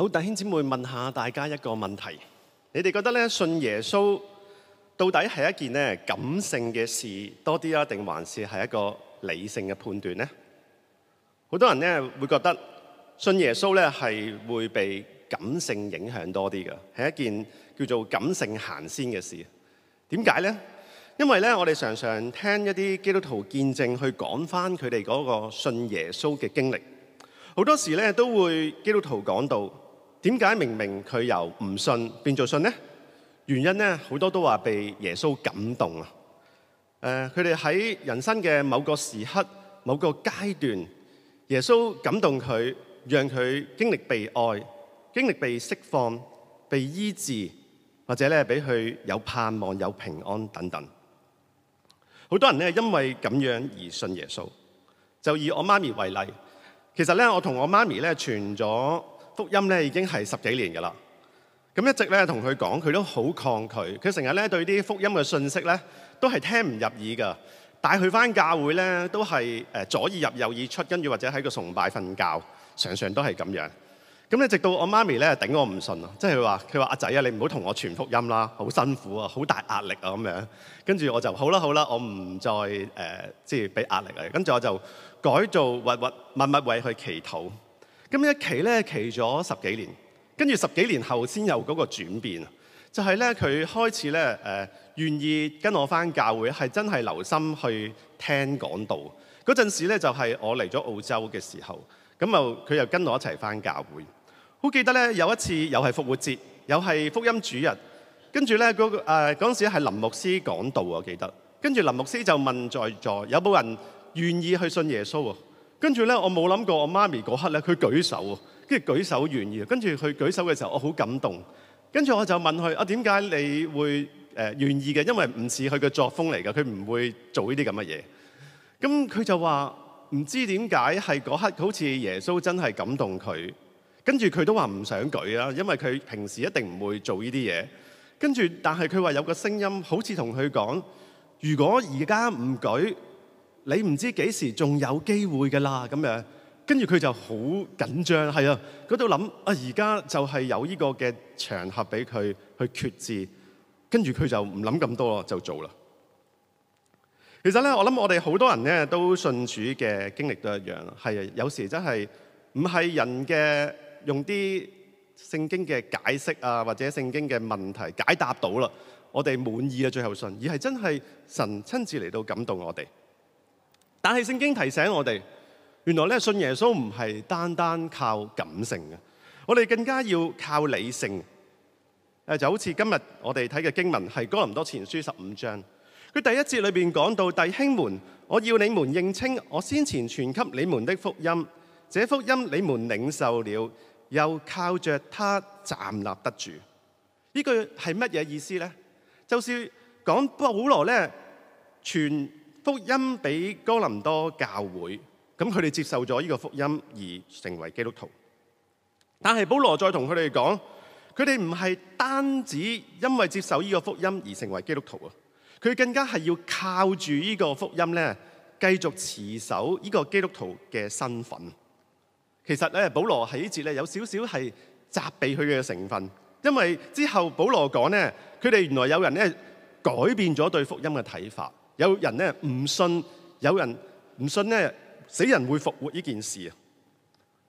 好，弟兄姊妹，問下大家一個問題：你哋覺得咧，信耶穌到底係一件咧感性嘅事多啲啊，定還是係一個理性嘅判斷咧？好多人咧會覺得信耶穌咧係會被感性影響多啲噶，係一件叫做感性行先嘅事。點解咧？因為咧我哋常常聽一啲基督徒見證去講翻佢哋嗰個信耶穌嘅經歷，好多時咧都會基督徒講到。點解明明佢由唔信變做信呢？原因咧，好多都話被耶穌感動啊！誒、呃，佢哋喺人生嘅某個時刻、某個階段，耶穌感動佢，讓佢經歷被愛、經歷被釋放、被醫治，或者咧俾佢有盼望、有平安等等。好多人咧，因為咁樣而信耶穌。就以我媽咪為例，其實咧，我同我媽咪咧傳咗，福音咧已經係十幾年㗎啦，咁一直咧同佢講，佢都好抗拒，佢成日咧對啲福音嘅信息咧都係聽唔入耳㗎，帶佢返教會咧都係誒左耳入右耳出，跟住或者喺個崇拜瞓覺，常常都係咁樣。咁咧直到我媽咪咧頂我唔順啊，即係佢話：佢話阿仔啊，你唔好同我傳福音啦，好辛苦啊，好大壓力啊咁樣。跟住我就好啦好啦，我唔再誒即係俾壓力嘅，跟住我就改做物物物物位去祈禱，咁一期咧，期咗十幾年，跟住十幾年後先有嗰個轉變，就係咧佢開始咧誒願意跟我翻教會，係真係留心去聽講道。嗰陣時咧就係、是、我嚟咗澳洲嘅時候，咁又佢又跟我一齊翻教會。好記得咧有一次又係復活節，又係福音主日，跟住咧嗰個嗰陣時係林牧師講道，我記得。跟住林牧師就問在座有冇人願意去信耶穌？跟住咧，我冇諗過我媽咪嗰刻咧，佢舉手喎，跟住舉手願意啊。跟住佢舉手嘅時候，我好感動。跟住我就問佢：啊，點解你會誒願意嘅？因為唔似佢嘅作風嚟㗎，佢唔會做呢啲咁嘅嘢。咁佢就話唔知點解係嗰刻，好似耶穌真係感動佢。跟住佢都話唔想舉啦，因為佢平時一定唔會做呢啲嘢。跟住，但係佢話有個聲音好似同佢講：如果而家唔舉。你唔知幾時仲有機會㗎啦，咁樣跟住佢就好緊張，係啊，嗰度諗啊，而家就係有呢個嘅場合俾佢去決志，跟住佢就唔諗咁多咯，就做啦。其實咧，我諗我哋好多人咧都信主嘅經歷都一樣，係啊，有時真係唔係人嘅用啲聖經嘅解釋啊，或者聖經嘅問題解答到啦，我哋滿意嘅最後信，而係真係神親自嚟到感動我哋。但係聖經提醒我哋，原來咧，信耶穌唔係單單靠感性嘅，我哋更加要靠理性。誒，就好似今日我哋睇嘅經文係哥林多前書十五章，佢第一節裏面講到，弟兄們，我要你們認清我先前傳給你們的福音，這福音你們領受了，又靠着他站立得住。呢句係乜嘢意思咧？就是講保羅咧傳。福音俾哥林多教會，咁佢哋接受咗呢個福音而成為基督徒。但係保羅再同佢哋講，佢哋唔係單止因為接受呢個福音而成為基督徒啊，佢更加係要靠住呢個福音咧，繼續持守呢個基督徒嘅身份。其實咧，保羅喺呢節咧有少少係責備佢嘅成分，因為之後保羅講咧，佢哋原來有人咧改變咗對福音嘅睇法。有人咧唔信，有人唔信咧，死人會復活呢件事啊！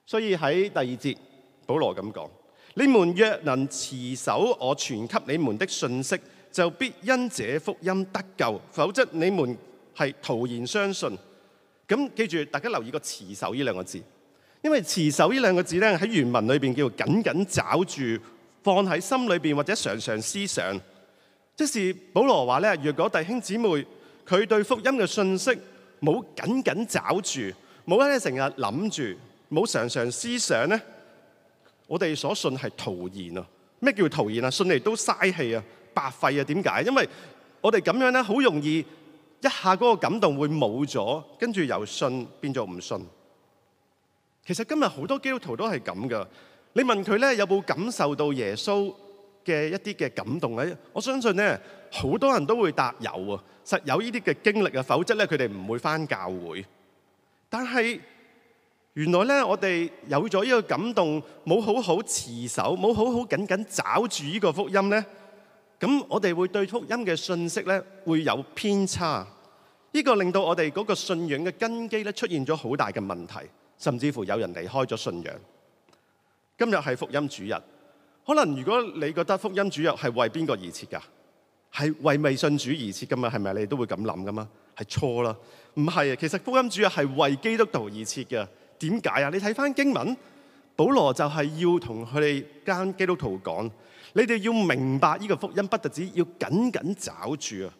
所以喺第二節，保羅咁講：你們若能持守我傳給你們的信息，就必因這福音得救；否則你們係徒然相信。咁記住，大家留意個持守呢兩個字，因為持守呢兩個字咧喺原文裏邊叫做緊緊抓住，放喺心裏邊或者常常思想。即是保羅話咧：若果弟兄姊妹佢對福音嘅信息冇緊緊抓住，冇你成日諗住，冇常常思想咧，我哋所信係徒然啊！咩叫徒然啊？信嚟都嘥氣啊，白費啊！點解？因為我哋咁樣咧，好容易一下嗰個感動會冇咗，跟住由信變咗唔信。其實今日好多基督徒都係咁噶。你問佢咧，有冇感受到耶穌？嘅一啲嘅感動咧，我相信咧好多人都會答有啊，實有呢啲嘅經歷啊，否則咧佢哋唔會返教會。但係原來咧，我哋有咗呢個感動，冇好好持守，冇好好緊緊抓住呢個福音咧，咁我哋會對福音嘅信息咧會有偏差。呢、呢個令到我哋嗰個信仰嘅根基咧出現咗好大嘅問題，甚至乎有人離開咗信仰。今日係福音主日。可能如果你覺得福音主日係為邊個而設㗎？係為未信主而設㗎嘛？係咪你都會咁諗㗎嘛，係錯啦！唔係，其實福音主日係為基督徒而設嘅。點解啊？你睇翻經文，保羅就係要同佢哋間基督徒講：你哋要明白呢個福音，不單止要緊緊抓住啊！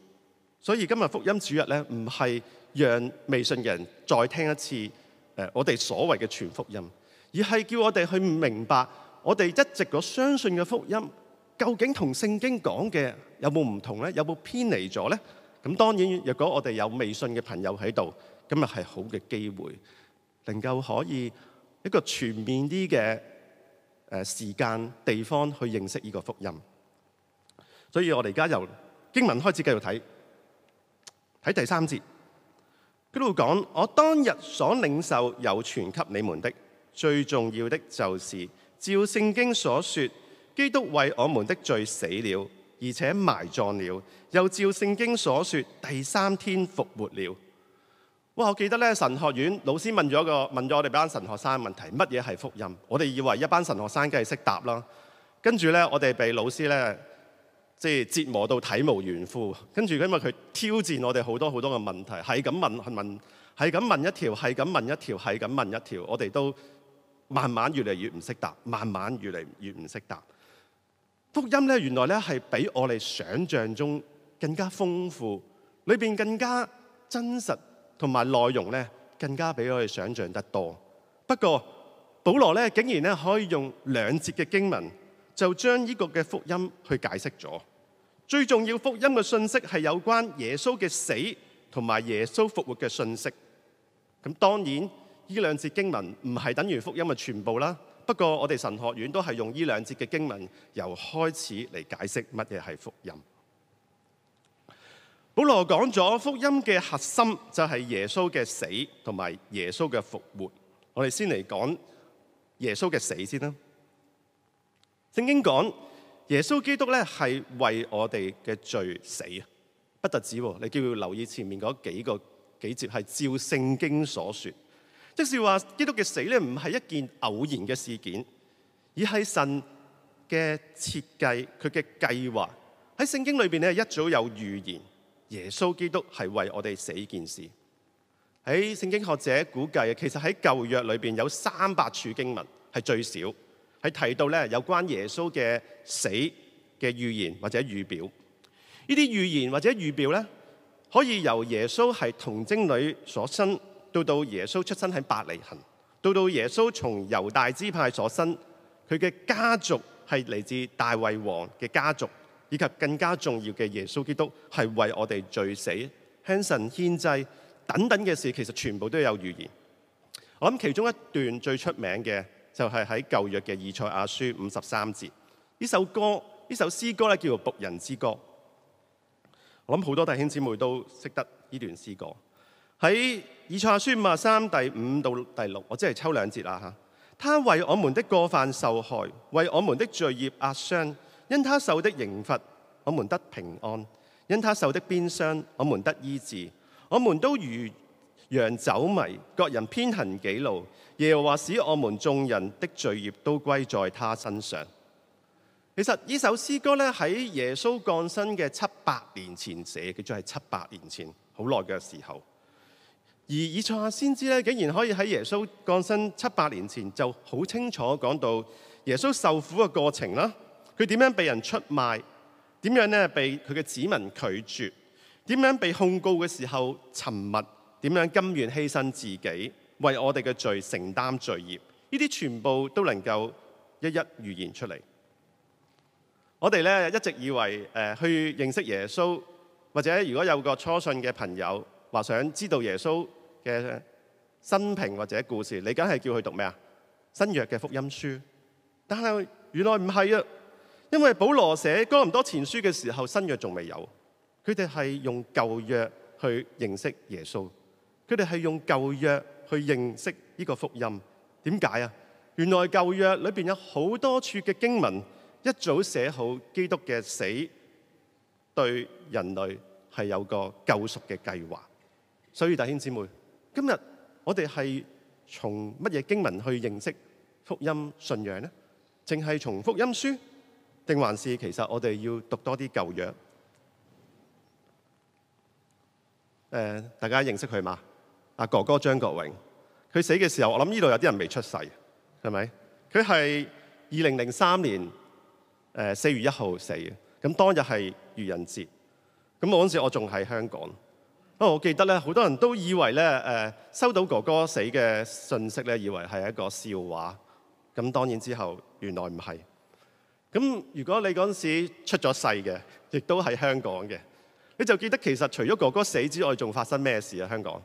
所以今日福音主日咧，唔係讓未信嘅人再聽一次誒我哋所謂嘅全福音，而係叫我哋去明白。我哋一直個相信嘅福音，究竟同聖經講嘅有冇唔同咧？有冇偏離咗咧？咁當然，若果我哋有微信嘅朋友喺度，今日係好嘅機會，能夠可以一個全面啲嘅誒時間地方去認識呢個福音。所以我哋而家由經文開始繼續睇，喺第三節，佢會講：我當日所領受、有傳給你們的，最重要的就是。照聖經所說，基督為我們的罪死了，而且埋葬了。又照聖經所說，第三天復活了。哇！我記得咧，神學院老師問咗個問咗我哋班神學生問題：乜嘢係福音？我哋以為一班神學生梗係識答啦。跟住咧，我哋被老師咧即係折磨到體無完膚。跟住因為佢挑戰我哋好多好多嘅問題，係咁問問，係咁問一條，係咁問一條，係咁問一條，我哋都。慢慢越嚟越唔識答，慢慢越嚟越唔識答。福音咧，原來咧係比我哋想象中更加豐富，裏邊更加真實同埋內容咧更加比我哋想象得多。不過，保羅咧竟然咧可以用兩節嘅經文就將呢個嘅福音去解釋咗。最重要福音嘅信息係有關耶穌嘅死同埋耶穌復活嘅信息。咁當然。呢兩節經文唔係等於福音嘅全部啦。不過我哋神學院都係用呢兩節嘅經文由開始嚟解釋乜嘢係福音。保羅講咗福音嘅核心就係耶穌嘅死同埋耶穌嘅復活。我哋先嚟講耶穌嘅死先啦。聖經講耶穌基督咧係為我哋嘅罪死啊，不特指。你叫要留意前面嗰幾個幾節係照聖經所說。即是話基督嘅死咧，唔係一件偶然嘅事件，而係神嘅設計，佢嘅計劃喺聖經裏邊咧，一早有預言耶穌基督係為我哋死呢件事。喺聖經學者估計，其實喺舊約裏邊有三百處經文係最少係提到咧有關耶穌嘅死嘅預言或者預表。呢啲預言或者預表咧，可以由耶穌係童貞女所生。到到耶穌出生喺伯利恆，到到耶穌從猶大支派所生，佢嘅家族係嚟自大衛王嘅家族，以及更加重要嘅耶穌基督係為我哋罪死、向神獻祭等等嘅事，其實全部都有預言。我諗其中一段最出名嘅就係喺舊約嘅以賽亞書五十三節呢首歌，呢首詩歌咧，叫做《僕人之歌》，我諗好多弟兄姊妹都識得呢段詩歌。喺以賽亞書五十三第五到第六，我即係抽兩節啦吓。他為我們的過犯受害，為我們的罪孽壓傷。因他受的刑罰，我們得平安；因他受的鞭傷，我們得醫治。我們都如羊走迷，各人偏行己路。耶和華使我們眾人的罪孽都歸在他身上。其實呢首詩歌咧喺耶穌降生嘅七百年前寫嘅，就係七百年前，好耐嘅時候。而以賽亞先知咧，竟然可以喺耶穌降生七百年前就好清楚講到耶穌受苦嘅過程啦。佢點樣被人出賣？點樣咧被佢嘅子民拒絕？點樣被控告嘅時候沉默？點樣甘願犧牲自己，為我哋嘅罪承擔罪業？呢啲全部都能夠一一預言出嚟。我哋咧一直以為誒去認識耶穌，或者如果有個初信嘅朋友話想知道耶穌嘅生平或者故事，你梗係叫佢讀咩啊？新約嘅福音書，但係原來唔係啊，因為保羅寫哥林多前書嘅時候，新約仲未有，佢哋係用舊約去認識耶穌，佢哋係用舊約去認識呢個福音。點解啊？原來舊約裏邊有好多處嘅經文，一早寫好基督嘅死對人類係有個救贖嘅計劃，所以弟兄姊妹，今日我哋係從乜嘢經文去認識福音信仰呢？咧？淨係從福音書，定還是其實我哋要讀多啲舊約？誒、呃，大家認識佢嘛？阿、啊、哥哥張國榮，佢死嘅時候，我諗呢度有啲人未出世，係咪？佢係二零零三年誒四月一號死嘅，咁當日係愚人節，咁嗰陣時我仲喺香港。我記得咧，好多人都以為咧，誒收到哥哥死嘅訊息咧，以為係一個笑話。咁當然之後原來唔係。咁如果你嗰陣時出咗世嘅，亦都係香港嘅，你就記得其實除咗哥哥死之外，仲發生咩事啊？香港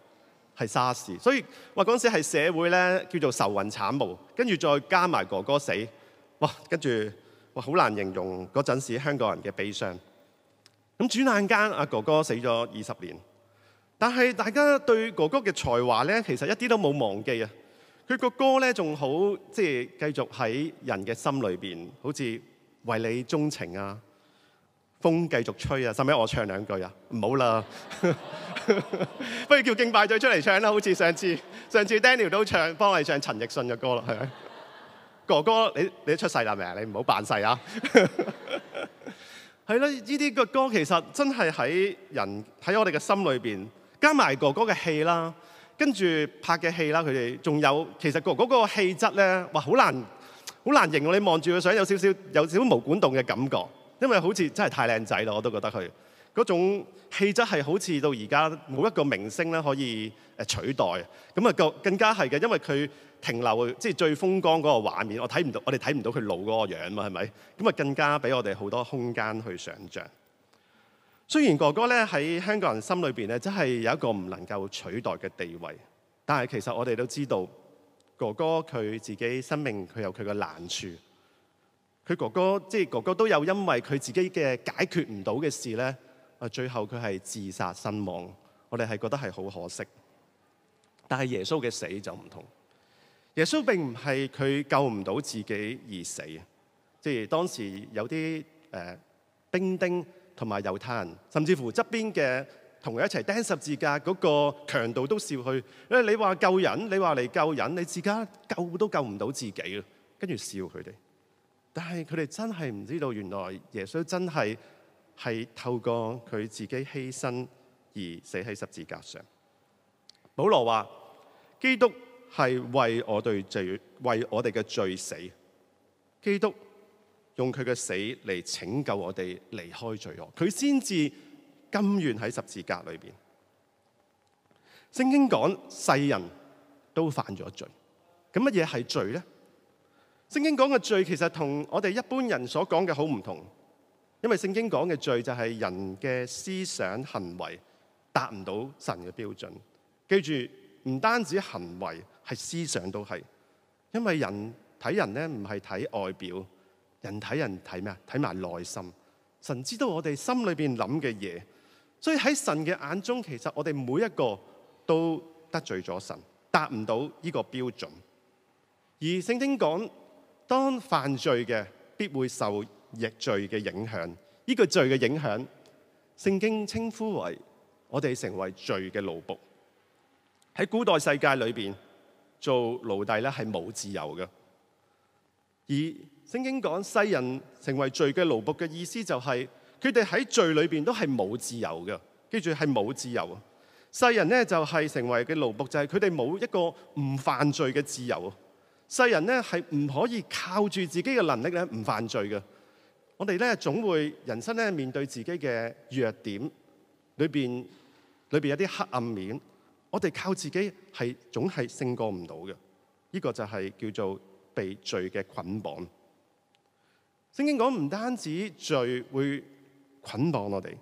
係沙士，ARS，所以話嗰陣時係社會咧叫做愁雲慘霧，跟住再加埋哥哥死，哇！跟住哇好難形容嗰陣時香港人嘅悲傷。咁轉眼間阿哥哥死咗二十年。但係大家對哥哥嘅才華咧，其實一啲都冇忘記啊！佢個歌咧仲好，即係繼續喺人嘅心裏邊，好似為你鍾情啊，風繼續吹啊，使唔使我唱兩句啊？唔好啦， 不如叫敬拜再出嚟唱啦，好似上次上次 Daniel 都唱，幫我哋唱陳奕迅嘅歌啦，係咪？ 哥哥，你你出世啦未啊？你唔好扮世啊！係 啦，呢啲嘅歌其實真係喺人喺我哋嘅心裏邊。加埋哥哥嘅戲啦，跟住拍嘅戲啦，佢哋仲有，其實哥哥個氣質咧，哇，好難好難形容。你望住佢相，有少少有少少毛管戙嘅感覺，因為好似真係太靚仔咯，我都覺得佢嗰種氣質係好似到而家冇一個明星咧可以誒取代。咁啊，更更加係嘅，因為佢停留即係最風光嗰個畫面，我睇唔到，我哋睇唔到佢老嗰個樣嘛，係咪？咁啊，更加俾我哋好多空間去想像。雖然哥哥咧喺香港人心裏邊咧，真係有一個唔能夠取代嘅地位，但係其實我哋都知道哥哥佢自己生命佢有佢嘅難處。佢哥哥即係、就是、哥哥都有因為佢自己嘅解決唔到嘅事咧，啊最後佢係自殺身亡，我哋係覺得係好可惜。但係耶穌嘅死就唔同，耶穌並唔係佢救唔到自己而死，即係當時有啲誒兵丁。呃冰冰同埋猶太人，甚至乎側邊嘅同佢一齊釘十字架嗰個強盜都笑佢。因為你話救人，你話嚟救人，你自家救都救唔到自己啊！跟住笑佢哋。但係佢哋真係唔知道，原來耶穌真係係透過佢自己犧牲而死喺十字架上。保羅話：基督係為我哋罪，為我哋嘅罪死。基督。用佢嘅死嚟拯救我哋離開罪惡，佢先至甘願喺十字架裏邊。聖經講世人都犯咗罪，那什麼是罪，咁乜嘢係罪咧？聖經講嘅罪其實同我哋一般人所講嘅好唔同，因為聖經講嘅罪就係人嘅思想行為達唔到神嘅標準。記住，唔單止行為，係思想都係，因為人睇人咧唔係睇外表。人睇人睇咩啊？睇埋內心，神知道我哋心裏邊諗嘅嘢，所以喺神嘅眼中，其實我哋每一個都得罪咗神，達唔到呢個標準。而聖經講，當犯罪嘅必會受逆罪嘅影響。呢、這個罪嘅影響，聖經稱呼為我哋成為罪嘅奴僕。喺古代世界裏邊，做奴隸咧係冇自由嘅。而聖經講世人成為罪嘅奴僕嘅意思，就係佢哋喺罪裏邊都係冇自由嘅，記住係冇自由。啊，世人呢就係成為嘅奴僕，就係佢哋冇一個唔犯罪嘅自由。啊。世人呢係唔可以靠住自己嘅能力咧唔犯罪嘅。我哋咧總會人生咧面對自己嘅弱點，裏邊裏邊有啲黑暗面，我哋靠自己係總係勝過唔到嘅。呢個就係叫做被罪嘅捆綁。聖經講唔單止罪會捆綁我哋，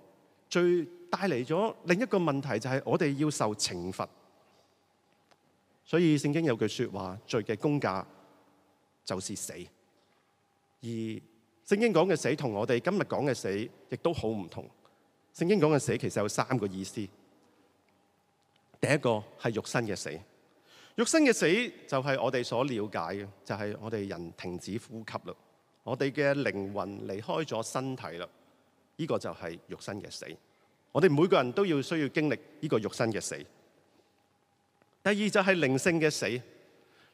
罪帶嚟咗另一個問題就係我哋要受懲罰。所以聖經有句說話，罪嘅公價就是死。而聖經講嘅死同我哋今日講嘅死亦都好唔同。聖經講嘅死其實有三個意思。第一個係肉身嘅死，肉身嘅死就係我哋所了解嘅，就係我哋人停止呼吸啦。我哋嘅靈魂離開咗身體啦，呢個就係肉身嘅死。我哋每個人都要需要經歷呢個肉身嘅死。第二就係靈性嘅死。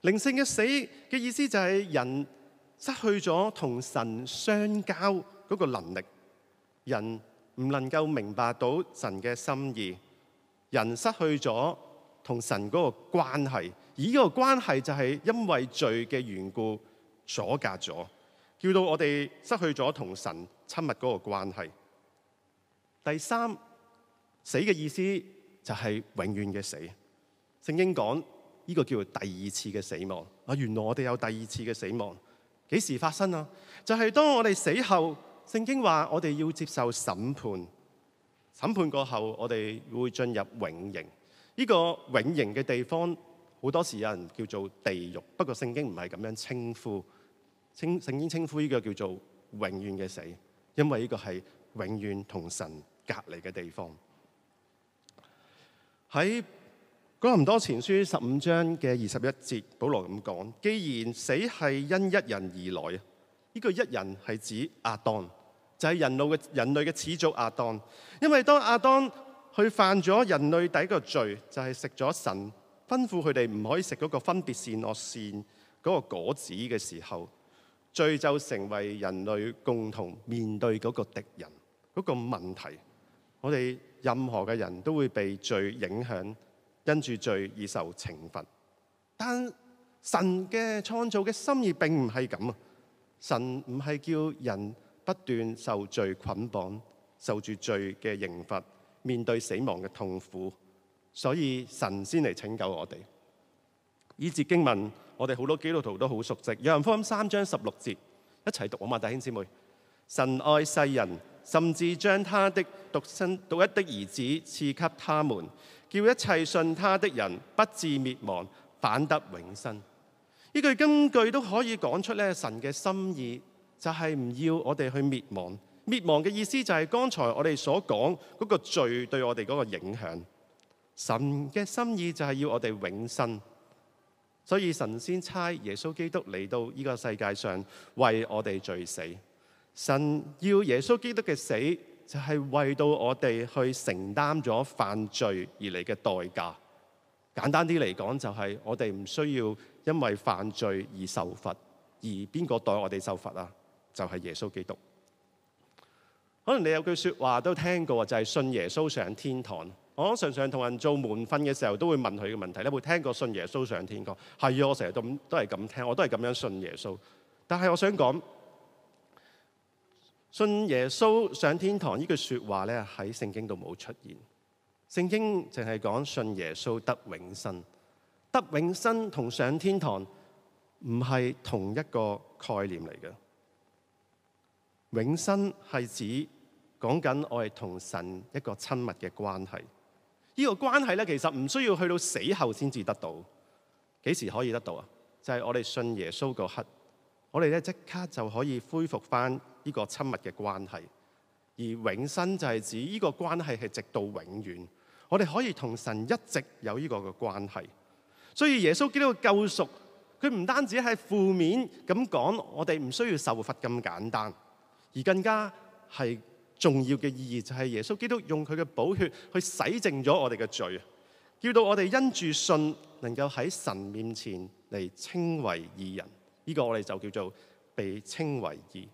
靈性嘅死嘅意思就係人失去咗同神相交嗰個能力，人唔能夠明白到神嘅心意，人失去咗同神嗰個關係，而呢個關係就係因為罪嘅緣故阻隔咗。叫到我哋失去咗同神親密嗰個關係。第三，死嘅意思就係永遠嘅死。聖經講呢個叫做第二次嘅死亡。啊，原來我哋有第二次嘅死亡。幾時發生啊？就係當我哋死後，聖經話我哋要接受審判。審判過後，我哋會進入永刑。呢個永刑嘅地方，好多時有人叫做地獄，不過聖經唔係咁樣稱呼。稱聖經稱呼呢個叫做永遠嘅死，因為呢個係永遠同神隔離嘅地方在。喺哥林多前書十五章嘅二十一節，保羅咁講：既然死係因一人而來啊，呢個一人係指亞當，就係人類嘅人類嘅始祖亞當。因為當亞當去犯咗人類第一個罪，就係食咗神吩咐佢哋唔可以食嗰個分別善惡善嗰個果子嘅時候。罪就成為人類共同面對嗰個敵人，嗰個問題。我哋任何嘅人都會被罪影響，因住罪而受懲罰。但神嘅創造嘅心意並唔係咁啊！神唔係叫人不斷受罪捆綁，受住罪嘅刑罰，面對死亡嘅痛苦。所以神先嚟拯救我哋。以至經文，我哋好多基督徒都好熟悉《約翰福音》三章十六節，一齊讀啊嘛！我們弟兄姊妹，神愛世人，甚至將他的獨生獨一的兒子賜給他們，叫一切信他的人不至滅亡，反得永生。依句根據都可以講出神嘅心意就係唔要我哋去滅亡。滅亡嘅意思就係剛才我哋所講嗰個罪對我哋嗰個影響。神嘅心意就係要我哋永生。所以神仙差耶穌基督嚟，到呢個世界上為我哋罪死。神要耶穌基督嘅死就係為到我哋去承擔咗犯罪而嚟嘅代價，簡單啲嚟講就係我哋唔需要因為犯罪而受罰，而邊個代我哋受罰啊？就係耶穌基督。可能你有句說話都聽過，就係信耶穌上天堂。我常常同人做門訓嘅時候，都會問佢嘅問題咧。會聽過信耶穌上天堂，係啊，我成日都都係咁聽，我都係咁樣信耶穌。但係我想講，信耶穌上天堂這句呢句説話咧，喺聖經度冇出現。聖經淨係講信耶穌得永生，得永生同上天堂唔係同一個概念嚟嘅。永生係指講緊我哋同神一個親密嘅關係。呢個關係咧，其實唔需要去到死後先至得到，幾時可以得到啊？就係我哋信耶穌嗰刻，我哋咧即刻就可以恢復翻呢個親密嘅關係。而永生就係指呢個關係係直到永遠，我哋可以同神一直有呢個嘅關係。所以耶穌基督嘅救贖，佢唔單止係負面咁講，我哋唔需要受罰咁簡單，而更加係重要嘅意義就係耶穌基督用佢嘅寶血去洗淨咗我哋嘅罪，叫到我哋因住信能夠喺神面前嚟稱為義人。呢、這個我哋就叫做被稱為義。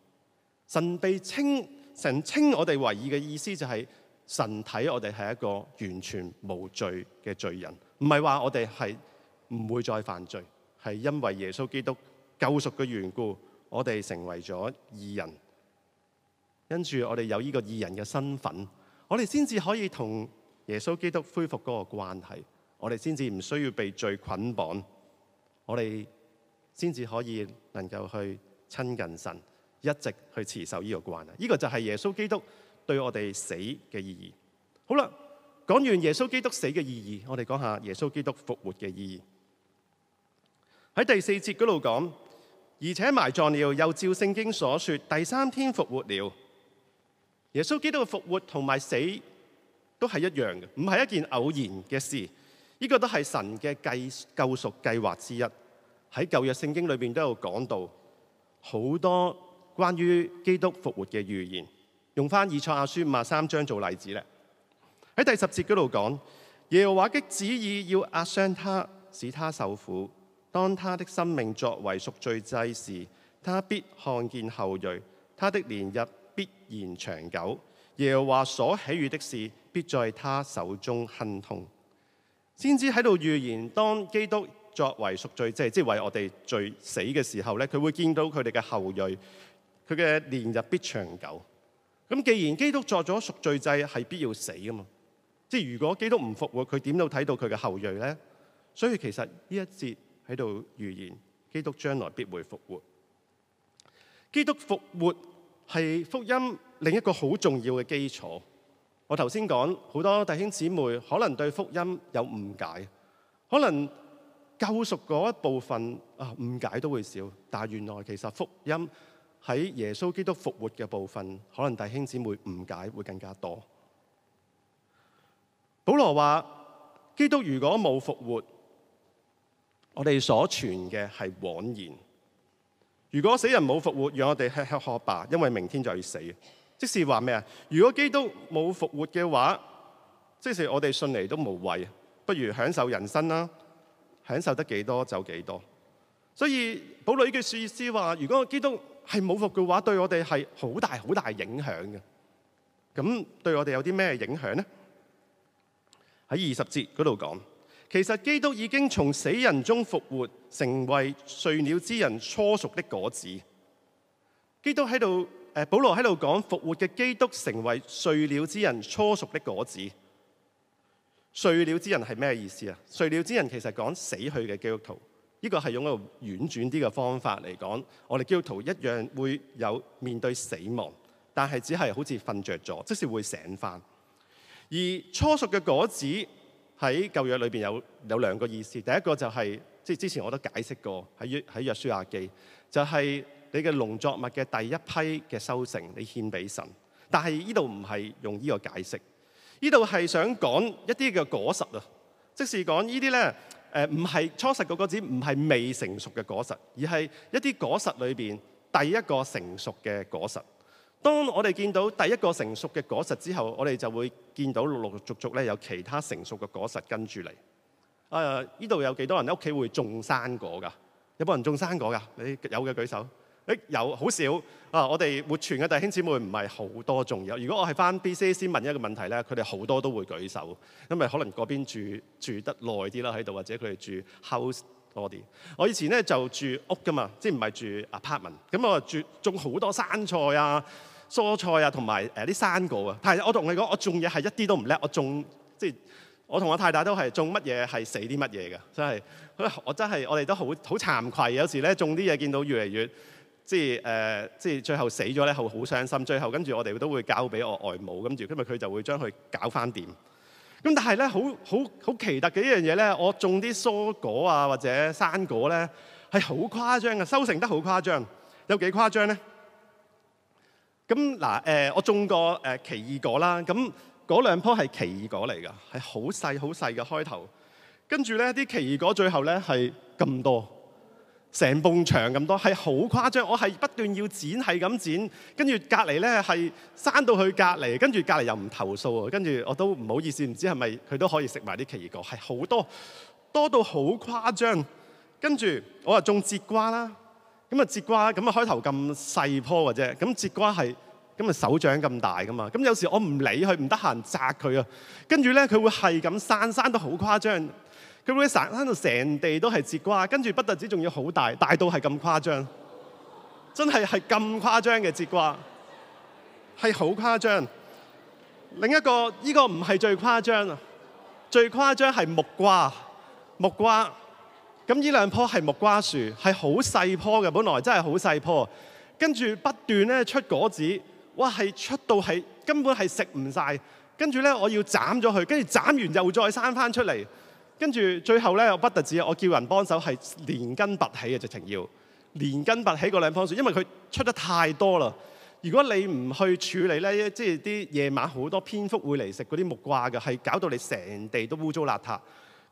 神被稱神稱我哋為義嘅意思就係神睇我哋係一個完全無罪嘅罪人，唔係話我哋係唔會再犯罪，係因為耶穌基督救贖嘅緣故，我哋成為咗義人。跟住我哋有呢個義人嘅身份，我哋先至可以同耶穌基督恢復嗰個關係，我哋先至唔需要被罪捆綁，我哋先至可以能夠去親近神，一直去持守呢個關係。呢個就係耶穌基督對我哋死嘅意義好。好啦，講完耶穌基督死嘅意義，我哋講下耶穌基督復活嘅意義。喺第四節嗰度講，而且埋葬了，又照聖經所說，第三天復活了。耶穌基督嘅復活同埋死都係一樣嘅，唔係一件偶然嘅事。呢、這個都係神嘅計救贖計劃之一。喺舊約聖經裏邊都有講到好多關於基督復活嘅預言。用翻以賽亞書五十三章做例子咧，喺第十節嗰度講，耶和華嘅旨意要壓傷他，使他受苦。當他的生命作為贖罪祭時，他必看見後裔，他的年日，言長久，耶和華所起預的事必在他手中亨通。先知喺度預言，當基督作為贖罪祭，即係為我哋罪死嘅時候咧，佢會見到佢哋嘅後裔，佢嘅年日必長久。咁既然基督作咗贖罪祭，係必要死㗎嘛，即係如果基督唔復活，佢點都睇到佢嘅後裔咧？所以其實呢一節喺度預言，基督將來必會復活。基督復活係福音另一個好重要嘅基礎，我剛才說。我頭先講，好多弟兄姊妹可能對福音有誤解，可能救贖嗰一部分啊，誤解都會少，但係原來其實福音喺耶穌基督復活嘅部分，可能弟兄姊妹誤解會更加多。保羅話：基督如果冇復活，我哋所傳嘅係枉然。如果死人冇復活，讓我哋吃吃喝吧，因為明天就要死。即是話咩啊？如果基督冇復活嘅話，即是我哋信嚟都無謂，不如享受人生啦，享受得幾多就幾多。所以保羅呢句意思話，如果基督係冇復嘅話，對我哋係好大好大影響嘅。咁對我哋有啲咩影響呢？喺二十節嗰度講。其實基督已經從死人中復活，成為睡了之人初熟的果子。基督喺度，誒、呃，保羅喺度講復活嘅基督成為睡了之人初熟的果子。睡了之人係咩意思啊？睡了之人其實講死去嘅基督徒，呢、這個係用一個婉轉啲嘅方法嚟講，我哋基督徒一樣會有面對死亡，但係只係好似瞓着咗，即是會醒翻。而初熟嘅果子。喺舊約裏邊有有兩個意思，第一個就係即係之前我都解釋過喺喺約書亞記，就係、是、你嘅農作物嘅第一批嘅收成，你獻俾神。但係呢度唔係用呢個解釋，呢度係想講一啲嘅果實啊，即是講呢啲咧誒唔係初實嗰果子，唔係未成熟嘅果實，而係一啲果實裏邊第一個成熟嘅果實。當我哋見到第一個成熟嘅果實之後，我哋就會見到陸陸續續呢有其他成熟嘅果實跟住嚟。誒、啊，依度有幾多人喺屋企會種生果㗎？有冇人種生果㗎？有嘅舉手。啊、有，好少。啊、我哋活泉嘅弟兄姐妹唔係好多種嘢。仲有，如果我係返 BCC 先問一個問題呢，佢哋好多都會舉手，因為可能嗰邊住住得耐啲啦，喺度，或者佢哋住 house 多啲。我以前咧就住屋㗎嘛，即係唔係住 apartment。咁我住種好多生菜啊、蔬菜啊，同埋誒啲生果啊。但係我同你講，我種嘢係一啲都唔叻。我種即係我同我太太都係種乜嘢係死啲乜嘢㗎，真係。我真係我哋都好好慚愧。有時咧種啲嘢見到越嚟越即係誒，即係、呃、最後死咗咧，好好傷心。最後跟住我哋都會交俾我外母，跟住今日佢就會將佢搞翻掂。但係咧，好奇特嘅一樣嘢咧，我種啲蔬果啊或者生果呢是係好誇張嘅，收成得好誇張，有幾誇張呢？咁嗱、呃、我種過、呃、奇異果啦，咁嗰兩棵係奇異果嚟㗎，係好細好細嘅開頭，跟住呢啲奇異果最後呢是係咁多。成埲牆咁多係好誇張，我係不斷要剪，係咁剪，跟住隔離咧係生到佢隔離，跟住隔離又唔投訴啊。跟住我都唔好意思，唔知係咪佢都可以食埋啲奇異果，係好多，多到好誇張。跟住我又種節瓜啦，咁啊節瓜咁啊，開頭咁細棵嘅啫，咁節瓜係咁啊手掌咁大噶嘛，咁有時我唔理佢，唔得閒摘佢啊，跟住咧佢會係咁生，生到好誇張。佢會成度，成地都係節瓜，跟住不單止仲要好大，大到係咁誇張，真係係咁誇張嘅節瓜，係好誇張。另一個呢、呢個唔係最誇張啊，最誇張係木瓜，木瓜。咁呢兩棵係木瓜樹，係好細棵嘅，本來真係好細棵，跟住不斷咧出果子，哇係出到係根本係食唔晒。跟住咧我要斬咗佢，跟住斬完又再生翻出嚟。跟住最後咧，我不特止我叫人幫手係連根拔起嘅，直情要連根拔起嗰兩樖樹，因為佢出得太多啦。如果你唔去處理咧，即係啲夜晚好多蝙蝠會嚟食嗰啲木瓜嘅，係搞到你成地都污糟邋遢。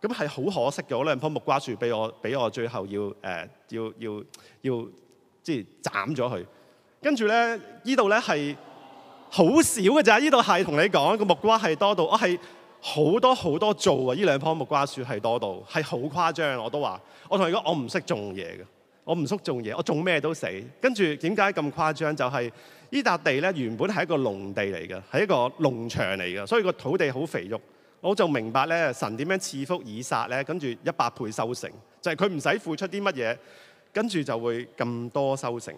咁係好可惜嘅，嗰兩樖木瓜樹俾我俾我最後要誒、呃、要要要即係斬咗佢。跟住咧呢度咧係好少嘅咋，呢度係同你講個木瓜係多到我係。好多好多做啊！呢兩樖木瓜樹係多到係好誇張，我都話我同你講，我唔識種嘢嘅，我唔識種嘢，我種咩都死。跟住點解咁誇張？就係呢笪地咧，原本係一個農地嚟嘅，係一個農場嚟嘅，所以個土地好肥沃。我就明白咧，神點樣賜福以撒咧？跟住一百倍收成，就係佢唔使付出啲乜嘢，跟住就會咁多收成。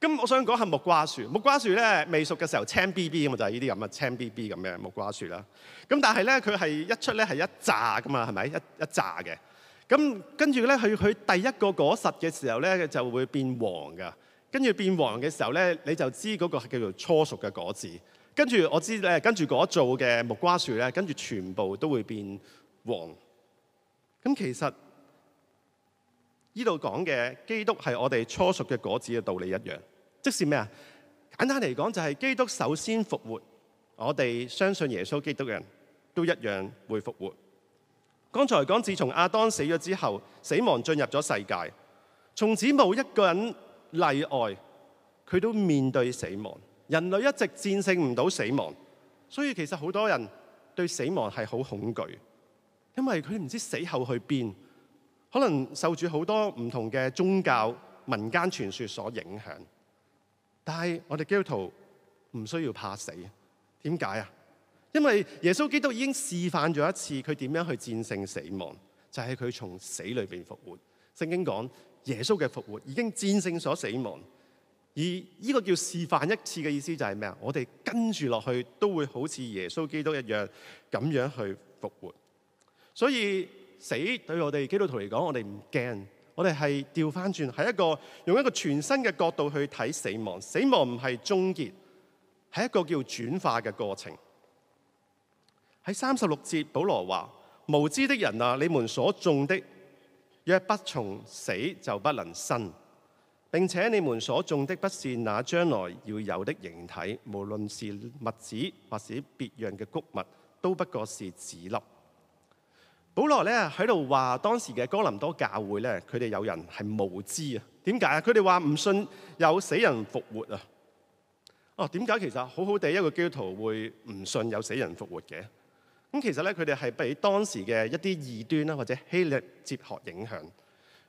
咁我想講下木瓜樹，木瓜樹咧，未熟嘅時候，青 B B 咁，就係呢啲咁啊，青 B B 咁嘅木瓜樹啦。咁但係咧，佢係一出咧，係一炸噶嘛，係咪？一一炸嘅。咁跟住咧，佢佢第一個果實嘅時候咧，就會變黃噶。跟住變黃嘅時候咧，你就知嗰個係叫做初熟嘅果子。跟住我知咧，跟住嗰一組嘅木瓜樹咧，跟住全部都會變黃。咁其實呢度講嘅基督係我哋初熟嘅果子嘅道理一樣。即是咩啊？簡單嚟講，就係基督首先復活，我哋相信耶穌基督嘅人都一樣會復活。剛才講，自從亞當死咗之後，死亡進入咗世界，從此冇一個人例外，佢都面對死亡。人類一直戰勝唔到死亡，所以其實好多人對死亡係好恐懼，因為佢唔知死後去邊，可能受住好多唔同嘅宗教、民間傳說所影響。但係我哋基督徒唔需要怕死，點解啊？因為耶穌基督已經示範咗一次佢點樣去戰勝死亡，就係佢從死裏邊復活。聖經講耶穌嘅復活已經戰勝咗死亡，而呢個叫示範一次嘅意思就係咩啊？我哋跟住落去都會好似耶穌基督一樣咁樣去復活，所以死對我哋基督徒嚟講，我哋唔驚。我哋係調翻轉，係一個用一個全新嘅角度去睇死亡。死亡唔係終結，係一個叫轉化嘅過程。喺三十六節，保羅話：無知的人啊，你們所種的，若不從死就不能生，並且你們所種的，不是那將來要有的形體，無論是麥子或是別樣嘅谷物，都不過是籽粒。保羅咧喺度話當時嘅哥林多教會咧，佢哋有人係無知啊？點解啊？佢哋話唔信有死人復活啊？哦，點解其實好好地一個基督徒會唔信有死人復活嘅？咁其實咧，佢哋係畀當時嘅一啲異端啦，或者希臘哲學影響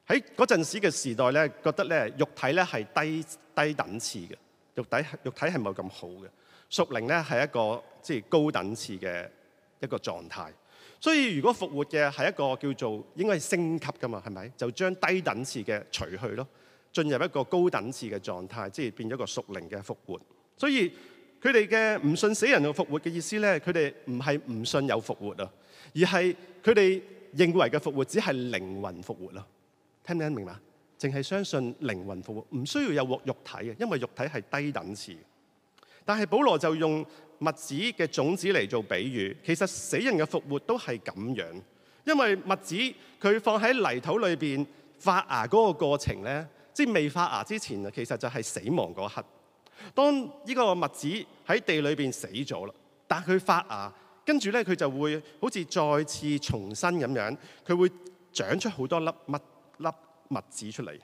喺嗰陣時嘅時代咧，覺得咧肉體咧係低低等次嘅，肉體肉體係冇咁好嘅，屬靈咧係一個即係高等次嘅一個狀態。所以如果復活嘅係一個叫做應該係升級㗎嘛，係咪？就將低等次嘅除去咯，進入一個高等次嘅狀態，即係變咗一個屬靈嘅復活。所以佢哋嘅唔信死人嘅復活嘅意思咧，佢哋唔係唔信有復活啊，而係佢哋認為嘅復活只係靈魂復活啊。聽唔聽得明嘛？淨係相信靈魂復活，唔需要有獲肉體嘅，因為肉體係低等次。但係保羅就用麥子嘅種子嚟做比喻，其實死人嘅復活都係咁樣，因為麥子佢放喺泥土裏邊發芽嗰個過程咧，即係未發芽之前啊，其實就係死亡嗰刻。當呢個麥子喺地裏邊死咗啦，但佢發芽，跟住咧佢就會好似再次重生咁樣，佢會長出好多粒乜粒，粒麥子出嚟。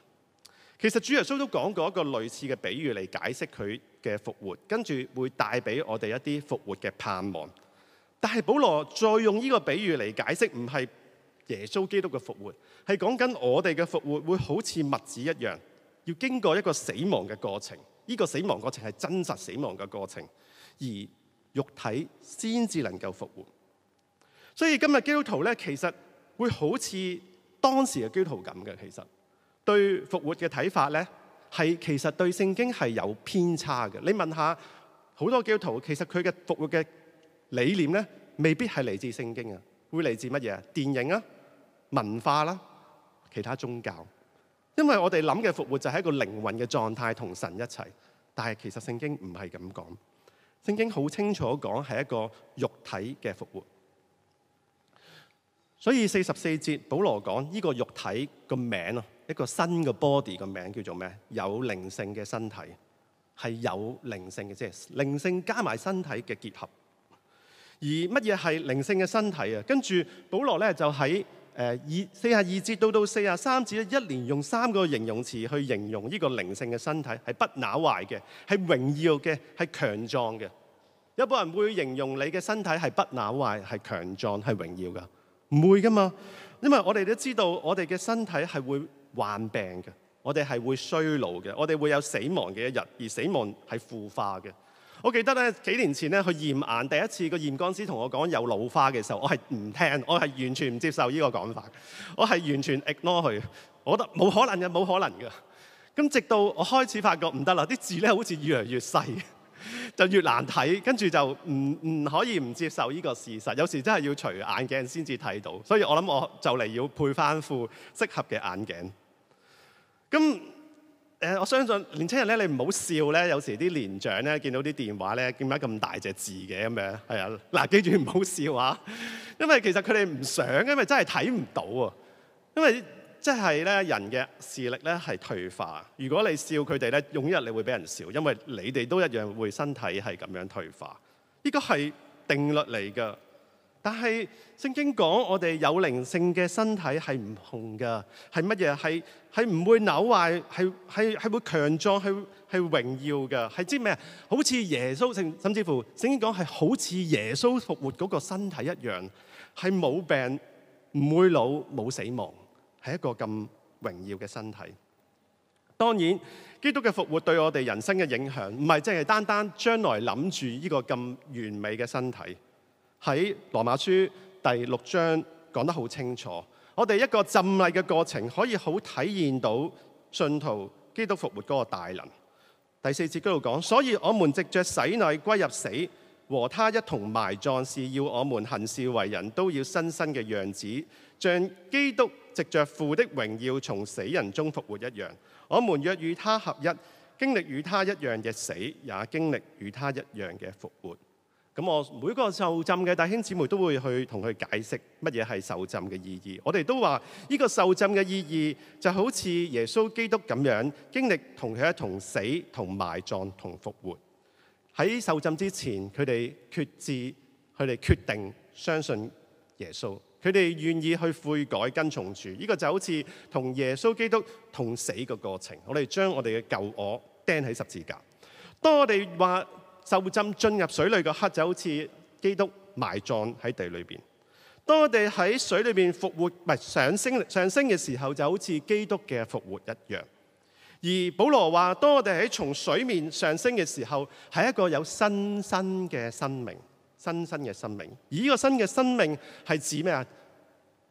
其實主耶穌都講過一個類似嘅比喻嚟解釋佢嘅復活，跟住會帶俾我哋一啲復活嘅盼望。但係保羅再用呢個比喻嚟解釋，唔係耶穌基督嘅復活，係講緊我哋嘅復活會好似物質一樣，要經過一個死亡嘅過程。呢個死亡過程係真實死亡嘅過程，而肉體先至能夠復活。所以今日基督徒咧，其實會好似當時嘅基督徒咁嘅，其實。對復活嘅睇法咧，係其實對聖經係有偏差嘅。你問下好多基督徒，其實佢嘅復活嘅理念咧，未必係嚟自聖經啊，會嚟自乜嘢？電影啊、文化啦、啊、其他宗教。因為我哋諗嘅復活就係一個靈魂嘅狀態同神一齊，但係其實聖經唔係咁講。聖經好清楚講係一個肉體嘅復活。所以四十四節，保羅講呢個肉體個名啊。一個新嘅 body 個名叫做咩？有靈性嘅身體，係有靈性嘅，即係靈性加埋身體嘅結合。而乜嘢係靈性嘅身體啊？跟住保羅咧就喺誒四十二節到到四十三節一連用三個形容詞去形容呢個靈性嘅身體，係不朽壞嘅，係榮耀嘅，係強壯嘅。有冇人會形容你嘅身體係不朽壞、係強壯、係榮耀噶？唔會噶嘛，因為我哋都知道我哋嘅身體係會。患病嘅，我哋係會衰老嘅，我哋會有死亡嘅一日，而死亡係腐化嘅。我記得咧幾年前咧，去驗眼第一次個驗光師同我講有老花嘅時候，我係唔聽，我係完全唔接受呢個講法，我係完全 ignore 佢。我覺得冇可能嘅，冇可能嘅。咁直到我開始發覺唔得啦，啲字咧好似越嚟越細，就越難睇，跟住就唔唔可以唔接受呢個事實。有時真係要除眼鏡先至睇到，所以我諗我就嚟要配翻副適合嘅眼鏡。咁誒，我相信年青人咧，你唔好笑咧。有時啲年長咧，見到啲電話咧，點解咁大隻字嘅？咁樣，係啊，嗱，記住唔好笑啊，因為其實佢哋唔想，因為真係睇唔到啊。因為即係咧，人嘅視力咧係退化。如果你笑佢哋咧，用一日你會俾人笑，因為你哋都一樣會身體係咁樣退化。呢個係定律嚟㗎。但係聖經講，我哋有靈性嘅身體係唔同噶，係乜嘢？係係唔會扭壞，係係係會強壯，係係榮耀嘅，係知咩？好似耶穌，甚至乎聖經講係好似耶穌復活嗰個身體一樣，係冇病，唔會老，冇死亡，係一個咁榮耀嘅身體。當然，基督嘅復活對我哋人生嘅影響，唔係淨係單單將來諗住呢個咁完美嘅身體。喺羅馬書第六章講得好清楚，我哋一個浸禮嘅過程可以好體現到信徒基督復活嗰個大能。第四節嗰度講，所以我們藉着洗禮歸入死，和他一同埋葬，是要我們行事為人都要新生嘅樣子，像基督藉着父的榮耀從死人中復活一樣。我們若與他合一，經歷與他一樣嘅死，也經歷與他一樣嘅復活。咁我每個受浸嘅弟兄姊妹都會去同佢解釋乜嘢係受浸嘅意義。我哋都話呢個受浸嘅意義就好似耶穌基督咁樣經歷同佢一同死、同埋葬、同復活。喺受浸之前，佢哋決志，佢哋決定相信耶穌，佢哋願意去悔改跟從主。呢個就好似同耶穌基督同死個過程。我哋將我哋嘅舊我釘喺十字架。當我哋話，受浸進入水裏嘅一刻就好似基督埋葬喺地裏邊。當我哋喺水裏邊復活，唔係上升上升嘅時候，就好似基督嘅復活一樣。而保羅話：當我哋喺從水面上升嘅時候，係一個有新生嘅生命，新生嘅生命。而呢個新嘅生命係指咩啊？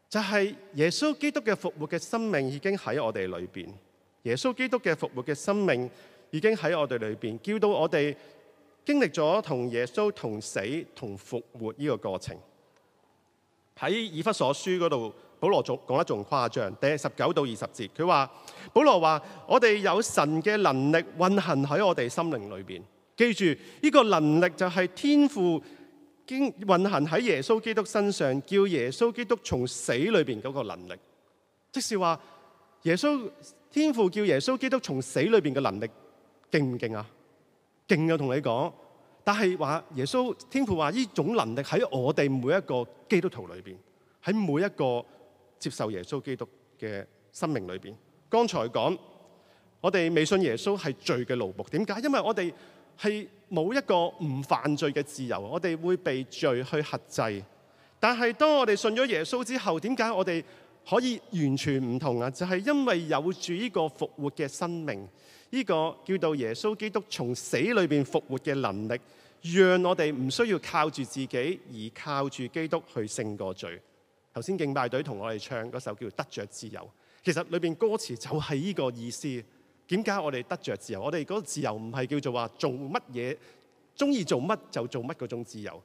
就係耶穌基督嘅復活嘅生命已經喺我哋裏邊。耶穌基督嘅復活嘅生命已經喺我哋裏邊，叫到我哋經歷咗同耶穌同死同復活呢個過程，喺以弗所書嗰度，保羅仲講得仲誇張，第十九到二十節，佢話保羅話：我哋有神嘅能力運行喺我哋心靈裏邊。記住呢個能力就係天父經運行喺耶穌基督身上，叫耶穌基督從死裏邊嗰個能力。即是話耶穌天父叫耶穌基督從死裏邊嘅能力勁唔勁啊？厲勁有同你講，但係話耶穌天父話：呢種能力喺我哋每一個基督徒裏邊，喺每一個接受耶穌基督嘅生命裏邊。剛才講我哋未信耶穌係罪嘅奴僕，點解？因為我哋係冇一個唔犯罪嘅自由，我哋會被罪去轄制。但係當我哋信咗耶穌之後，點解我哋可以完全唔同啊？就係、是、因為有住呢個復活嘅生命。呢個叫做耶穌基督從死裏面復活嘅能力，讓我哋唔需要靠住自己，而靠住基督去勝過罪。頭先敬拜隊同我哋唱嗰首叫《得着自由》，其實裏面歌詞就係呢個意思。點解我哋得着自由？我哋嗰自由唔係叫做話做乜嘢鍾意做乜就做乜嗰種自由，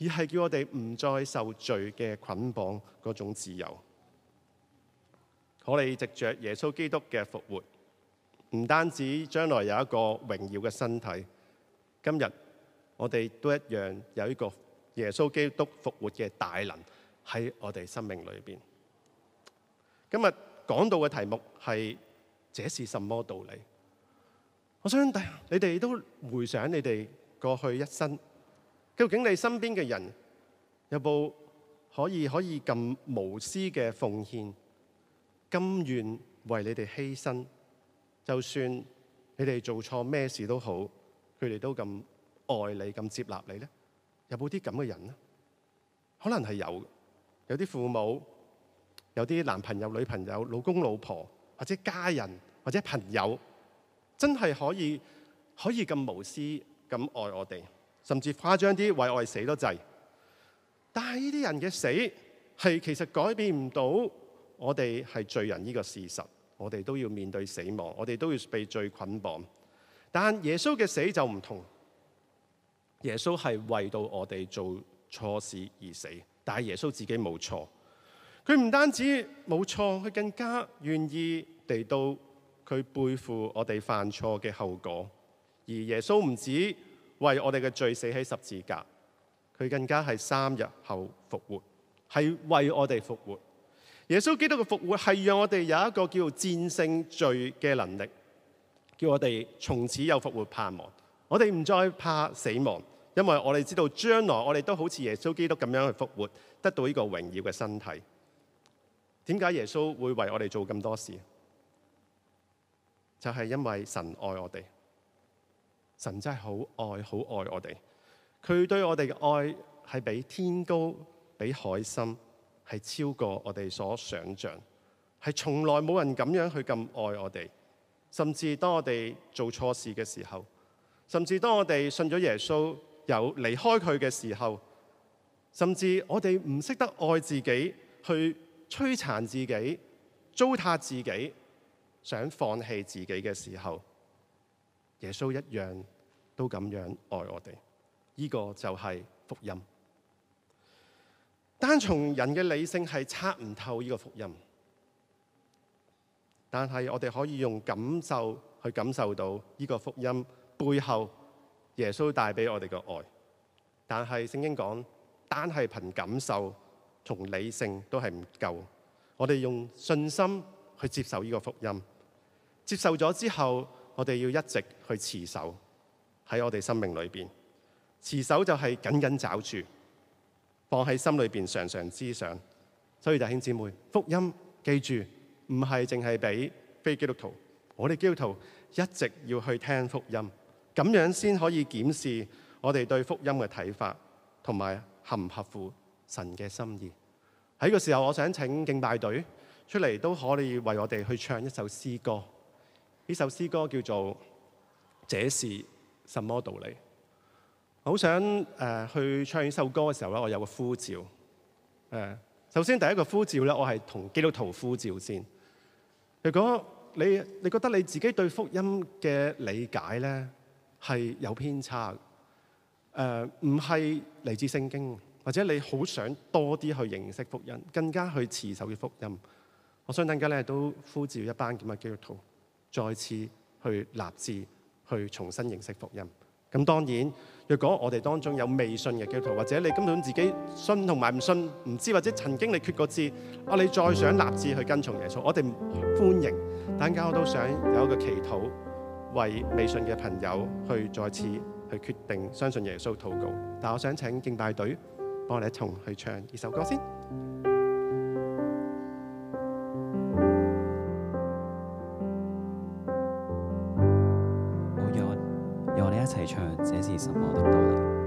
而係叫我哋唔再受罪嘅捆綁嗰種自由。我哋藉着耶穌基督嘅復活。唔單止將來有一個榮耀嘅身體，今日我哋都一樣有一個耶穌基督復活嘅大能喺我哋生命裏面。今日講到嘅題目係這是什麼道理？我相信你哋都回想你哋過去一生，究竟你身邊嘅人有冇可以可以咁無私嘅奉獻，甘願為你哋犧牲？就算你哋做錯咩事都好，佢哋都咁愛你、咁接納你咧，有冇啲咁嘅人呢？可能係有，有啲父母、有啲男朋友、女朋友、老公、老婆，或者家人，或者朋友，真係可以可以咁無私、咁愛我哋，甚至誇張啲為愛死都制。但係呢啲人嘅死，係其實改變唔到我哋係罪人呢個事實。我哋都要面對死亡，我哋都要被罪捆綁。但耶穌嘅死就唔同，耶穌係為到我哋做錯事而死，但係耶穌自己冇錯。佢唔單止冇錯，佢更加願意地到佢背負我哋犯錯嘅後果。而耶穌唔止為我哋嘅罪死喺十字架，佢更加係三日後復活，係為我哋復活。耶穌基督嘅復活係讓我哋有一個叫戰勝罪嘅能力，叫我哋從此有復活盼望。我哋唔再怕死亡，因為我哋知道將來我哋都好似耶穌基督咁樣去復活，得到呢個榮耀嘅身體。點解耶穌會為我哋做咁多事？就係因為神愛我哋，神真係好愛好愛我哋。佢對我哋嘅愛係比天高，比海深。係超過我哋所想象，係從來冇人咁樣去咁愛我哋，甚至當我哋做錯事嘅時候，甚至當我哋信咗耶穌有離開佢嘅時候，甚至我哋唔識得愛自己，去摧殘自己、糟蹋自己、想放棄自己嘅時候，耶穌一樣都咁樣愛我哋，呢個就係福音。單從人嘅理性係測唔透呢個福音，但係我哋可以用感受去感受到呢個福音背後耶穌帶俾我哋嘅愛。但係聖經講，單係憑感受同理性都係唔夠。我哋用信心去接受呢個福音，接受咗之後，我哋要一直去持守喺我哋生命裏面，持守就係緊緊抓住。放喺心裏邊，常常思想。所以弟兄姊妹，福音記住，唔係淨係俾非基督徒。我哋基督徒一直要去聽福音，咁樣先可以檢視我哋對福音嘅睇法，同埋合唔合乎神嘅心意。喺個時候，我想請敬拜隊出嚟，都可以為我哋去唱一首詩歌。呢首詩歌叫做《這是什麼道理》。好想、呃、去唱呢首歌嘅時候咧，我有個呼召、呃、首先第一個呼召咧，我係同基督徒呼召先。如果你你覺得你自己對福音嘅理解咧係有偏差，誒唔係嚟自聖經，或者你好想多啲去認識福音，更加去持守嘅福音，我想等間咧都呼召一班咁嘅基督徒，再次去立志去重新認識福音。咁當然，若果我哋當中有未信嘅基督徒，或者你根本自己信同埋唔信唔知，或者曾經你決過志，啊你再想立志去跟從耶穌，我哋歡迎。等陣間我都想有一個祈禱，為未信嘅朋友去再次去決定相信耶穌，禱告。但我想請敬拜隊幫我哋一同去唱呢首歌先。一齊唱，這是什麼的道理？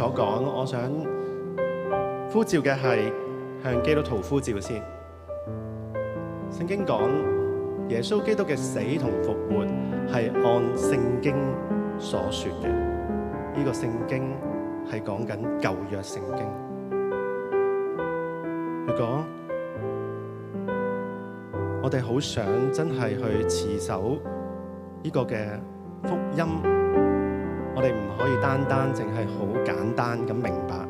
所講，我想呼召嘅係向基督徒呼召先。聖經講耶穌基督嘅死同復活係按聖經所説嘅。呢個聖經係講緊舊約聖經。如果我哋好想真係去持守呢個嘅福音，我哋唔可以單單淨係好簡單咁明白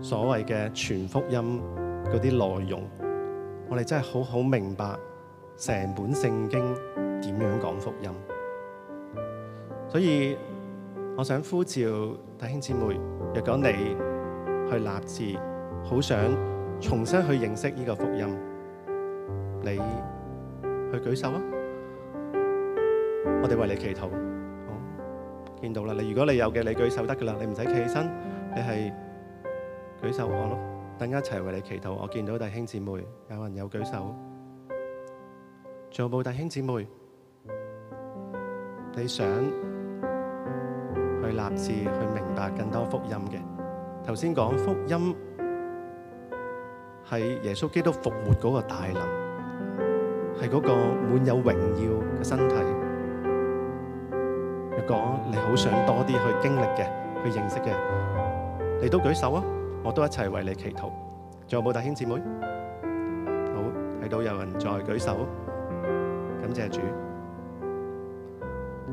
所謂嘅全福音嗰啲內容，我哋真係好好明白成本聖經點樣講福音。所以我想呼召弟兄姊妹，若果你去立志，好想重新去認識呢個福音，你去舉手啊！我哋為你祈禱。見到啦，你如果你有嘅，你舉手得噶啦，你唔使企起身，你係舉手我咯，等一齊為你祈禱。我見到弟兄姊妹有人有舉手，仲有冇弟兄姊妹，你想去立志去明白更多福音嘅？頭先講福音係耶穌基督復活嗰個大能，係嗰個滿有榮耀嘅身體。講，你好想多啲去經歷嘅，去認識嘅，你都舉手啊！我都一齊為你祈禱。仲有冇弟兄姊妹？好，睇到有人再舉手，感謝主。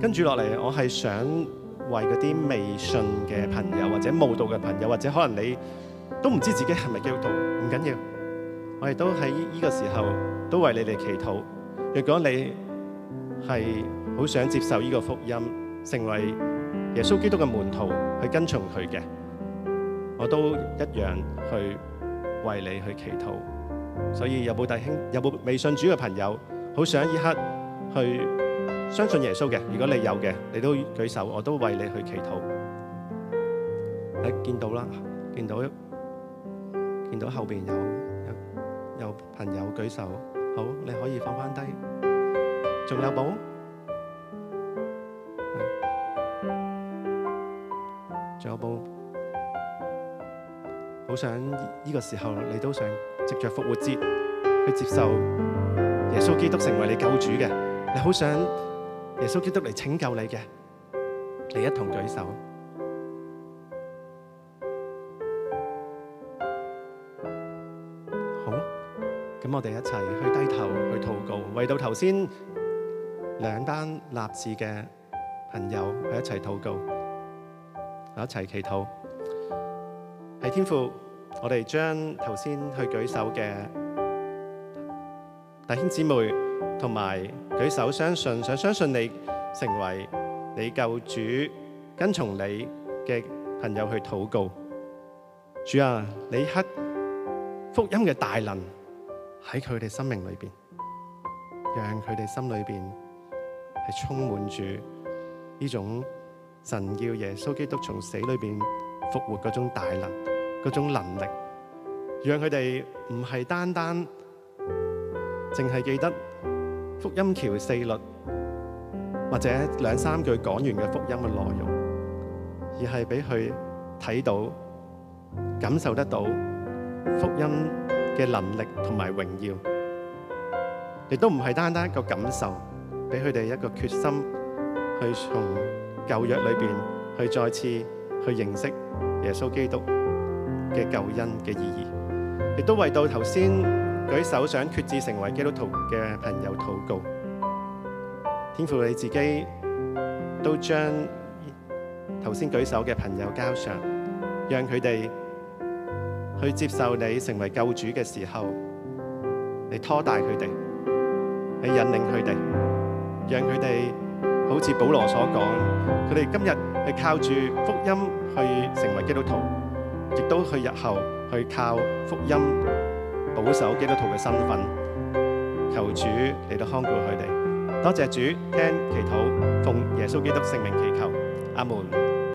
跟住落嚟，我係想為嗰啲未信嘅朋友，或者慕道嘅朋友，或者可能你都唔知自己係咪基督徒，唔緊要，我哋都喺呢個時候都為你哋祈禱。若果你係好想接受呢個福音，成為耶穌基督嘅門徒去跟從佢嘅，我都一樣去為你去祈禱。所以有冇弟兄？有冇未信主嘅朋友好想一刻去相信耶穌嘅？如果你有嘅，你都舉手，我都為你去祈禱。誒，見到啦，見到，見到後邊有有朋友舉手，好，你可以放翻低。仲有冇？仲有冇好想呢個時候你都想藉着復活節去接受耶穌基督成為你救主嘅？你好想耶穌基督嚟拯救你嘅？你一同舉手，好？咁我哋一齊去低頭去禱告，為到頭先兩單立志嘅朋友去一齊禱告。我一齊祈禱，喺天父，我哋將頭先去舉手嘅大兄姊妹同埋舉手相信，想相信你成為你救主，跟從你嘅朋友去禱告。主啊，你刻福音嘅大能喺佢哋生命裏面，讓佢哋心裏面係充滿住呢種。神叫耶穌基督從死裏邊復活嗰種大能、嗰種能力，讓佢哋唔係單單淨係記得福音橋四律，或者兩三句講完嘅福音嘅內容，而係俾佢睇到、感受得到福音嘅能力同埋榮耀。亦都唔係單單一個感受，俾佢哋一個決心去從。舊約裏邊去再次去認識耶穌基督嘅救恩嘅意義，亦都為到頭先舉手想決志成為基督徒嘅朋友禱告，天父你自己都將頭先舉手嘅朋友交上，讓佢哋去接受你成為救主嘅時候，你拖帶佢哋，你引領佢哋，讓佢哋。好似保羅所講，佢哋今日係靠住福音去成為基督徒，亦都去日後去靠福音保守基督徒嘅身份，求主嚟到看顧佢哋。多謝主聽祈禱，奉耶穌基督聖名祈求，阿門。